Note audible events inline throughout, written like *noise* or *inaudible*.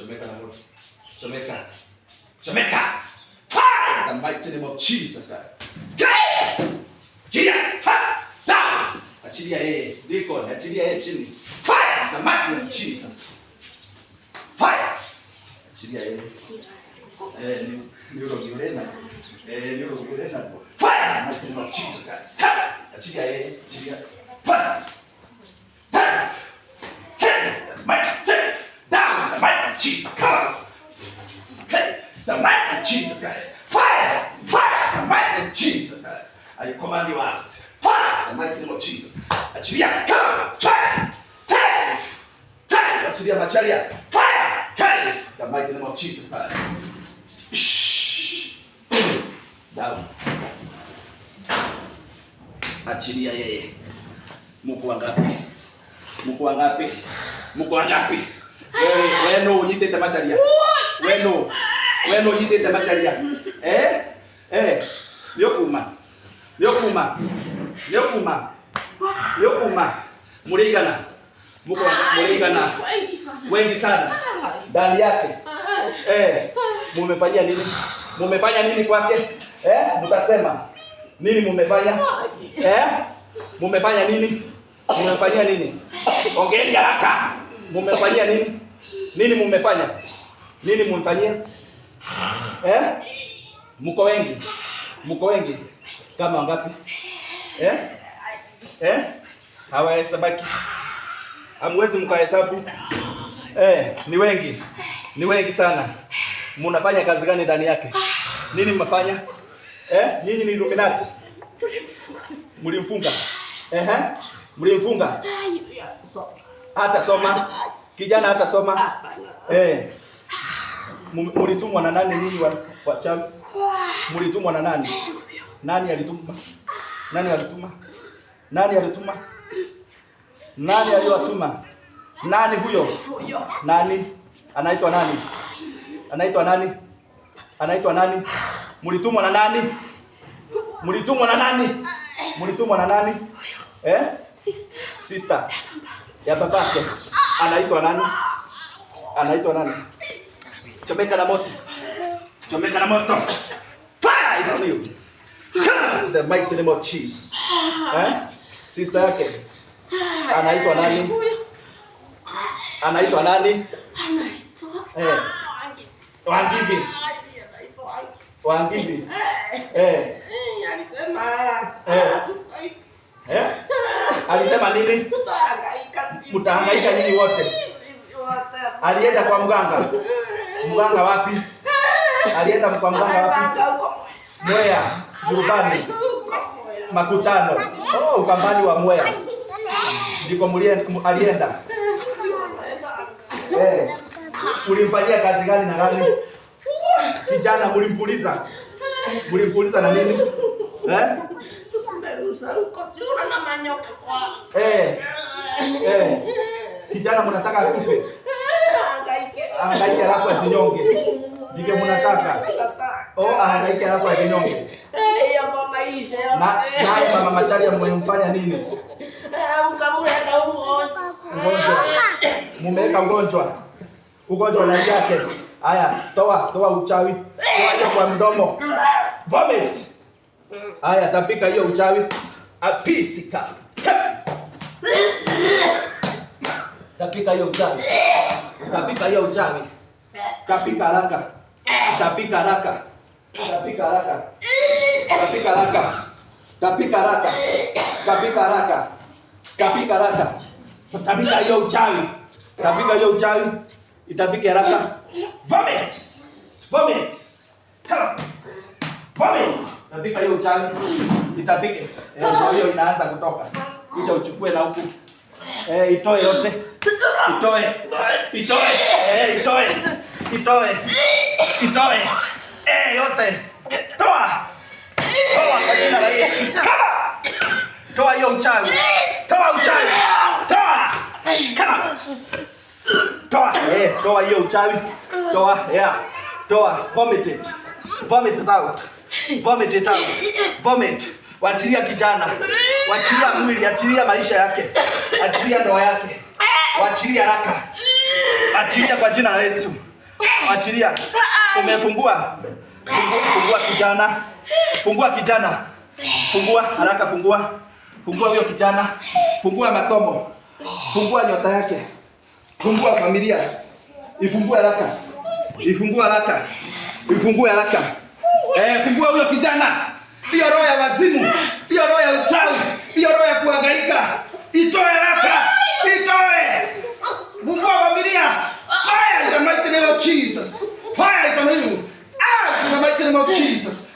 Chomeka na moto. Chomeka. Chomeka. Fire! The mighty name of Jesus God. Chidia! Fire! Down! Achilia yeye. Liko, achilia yeye chini. Fire! The mighty name of Jesus. Fire! Achilia yeye. Eh, ni ndio Violena. Eh, ndio Violena. Fire! The mighty name of Jesus God. Achilia yeye. Achilia. Jesus. Come on. Hey, the might of Jesus, guys. Fire! Fire! The might of Jesus, guys. I command you out. Fire! The mighty name of Jesus. Achilia! Come! Fire! Fire! Fire! Achilia machalia! Fire! Fire! The mighty name of Jesus, guys. Shh! Down. Achilia yeah, yeah. Mukwangapi. Mukwangapi. Mukwangapi. Muko wangapi? Ah! we no unyitite macaria we no we no unyitite macaria eh eh niukuma niukuma niukuma niukuma murigana murigana wengi sana ndani yake eh mumefanyia nini mumefanya nini kwake eh mtasema nini mumefanya eh mumefanya nini mumefanyia nini ongeeni haraka mumefanyia nini nini mumefanya? Nini mumfanyia? Eh? Mko wengi. Mko wengi. Kama wangapi? Eh? Eh? Hawahesabaki. Hamwezi mkahesabu. Eh, ni wengi. Ni wengi sana. Munafanya kazi gani ndani yake? Nini mmefanya? Eh? Nini ni Illuminati. Mlimfunga. Eh? Mlimfunga. Hata soma. Kijana hata soma. Eh. Mulitumwa na nani nini chama? Mulitumwa na nani? Eh, nani alituma? Nani alituma? Nani alituma? Nani aliyowatuma? Nani huyo? Huyo. Nani? Anaitwa nani? Anaitwa nani? Anaitwa nani? Mulitumwa na nani? Mulitumwa na nani? Mulitumwa na nani? Eh? Sister. Sister. Ya babake. Ah anaitwa nani? Anaitwa nani? Chomeka na moto. Chomeka na moto. Fire is on you. To the mighty name of Jesus. Eh? Sister yake. Anaitwa nani? Anaitwa nani? Anaitwa. Eh. Wangibi. Wangibi. Eh. Eh. Eh. Alisema nini? Mtahangaika nini wote? Alienda kwa mganga. Mganga wapi? Alienda kwa mganga wapi? Mwea, Burbani, Makutano. Oh, ukambani wa Mwea. Ndiko Ndipo alienda. Eh. Ulimfanyia kazi gani na gani? Kijana mlimpuliza. Mlimpuliza na nini? Eh? rusa huko, si unaona manyoka kwa. Eh. Eh. Kijana mnataka kufe. Angaike. Angaike alafu atinyonge. Ndike mnataka. Oh, angaike alafu atinyonge. Eh, ya mama ishe. Na na mama machali amemfanya nini? Eh, mkamule kaumgonjwa. ugonjwa. Mumeka ugonjwa. Ugonjwa na yake. Aya, toa toa uchawi. Toa kwa mdomo. Vomit. Haya, tapika hiyo uchawi apisika, tapika hiyo uchawi, tapika hiyo uchawi, tapika haraka, tapika haraka, tapika haraka, tapika haraka, tapika haraka, tapika haraka, tapika haraka, tapika hiyo uchawi, tapika hiyo uchawi, itapika haraka, Vomit. vomit vomit vomit napika hiyo chai itapike. Ndio eh, ah. hiyo inaanza kutoka. Kuja uchukue na huku. Eh, itoe yote. Itoe. Itoe. Eh, itoe. Itoe. Itoe. Eh, yote. Toa. Toa kwa jina la Yesu. Kama. Toa hiyo uchawi. Toa uchawi. Toa. Kama. Toa. Eh, toa hiyo uchawi. Toa. Yeah. Toa. Vomit it. Vomit it out. Vomit it out. Vomit. Wachilia kijana. Wachilia mwili, achilia maisha yake. Achilia ndoa yake. Wachilia raka. Achilia kwa jina la Yesu. Achilia. Umefungua. Fungua, fungua kijana. Fungua kijana. Fungua haraka, fungua. Fungua huyo kijana. Fungua masomo. Fungua nyota yake. Fungua familia. Ifungue haraka. Ifungue haraka. Ifungue haraka. Eh, fungua huyo kijana. Hiyo roho ya wazimu, hiyo roho ya uchawi, hiyo roho ya kuhangaika. Itoe haraka. Itoe. Fungua familia. Fire in the mighty name of Jesus. Fire is on you. Ah, in the mighty name of Jesus.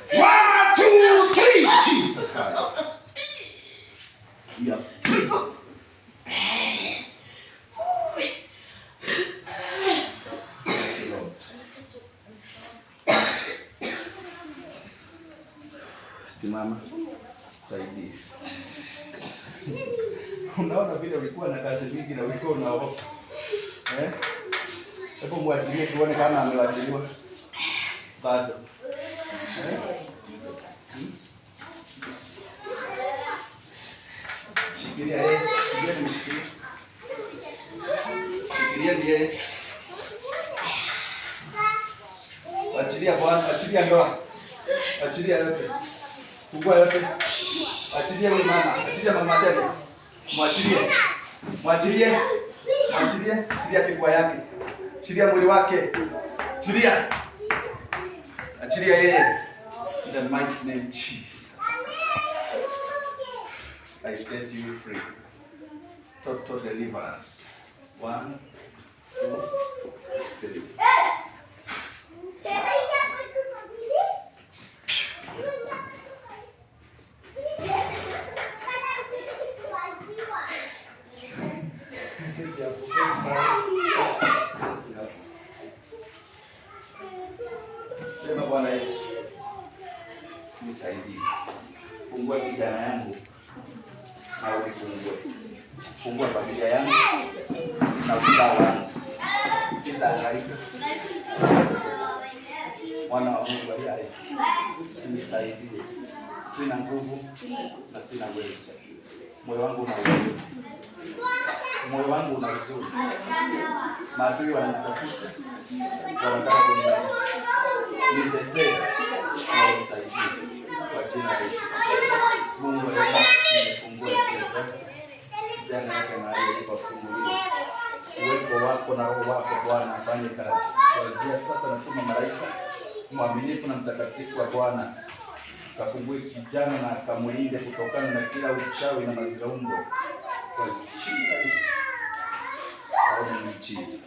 simama, saidia. *laughs* Unaona vile ulikuwa na kazi mingi na ulikuwa unaoga. Eh? Hebu muachilie tuone kama amewachiliwa. Bado. Eh? Hmm? achilia ndoa. Achilia yote. Fungua yote. Achilia wewe mama. Achilia mama yake. Mwachilie. Mwachilie. Mwachilie. Sikia kifua yake. Achilia mwili wake. Achilia. Achilia yeye. In the mighty name Jesus. I set you free. Total deliverance. One, two, Bwana Yesu, nisaidie, fungua kijana yangu na unifungue, fungua familia yangu na uzao wangu, sitahangaika Mwana wa Mungu aliye hai, nisaidie, sina nguvu na sina uwezo, moyo wangu una huzuni, moyo wangu una huzuni, maadui wananitafuta, wanataka kunimaliza nitetee na Uwepo wako na roho wako Bwana afanye kazi kuanzia sasa. Natuma malaika mwaminifu na mtakatifu wa Bwana kafungue kijana na akamlinde kutokana na kila uchawi na maziraungo kwa jina la Yesu.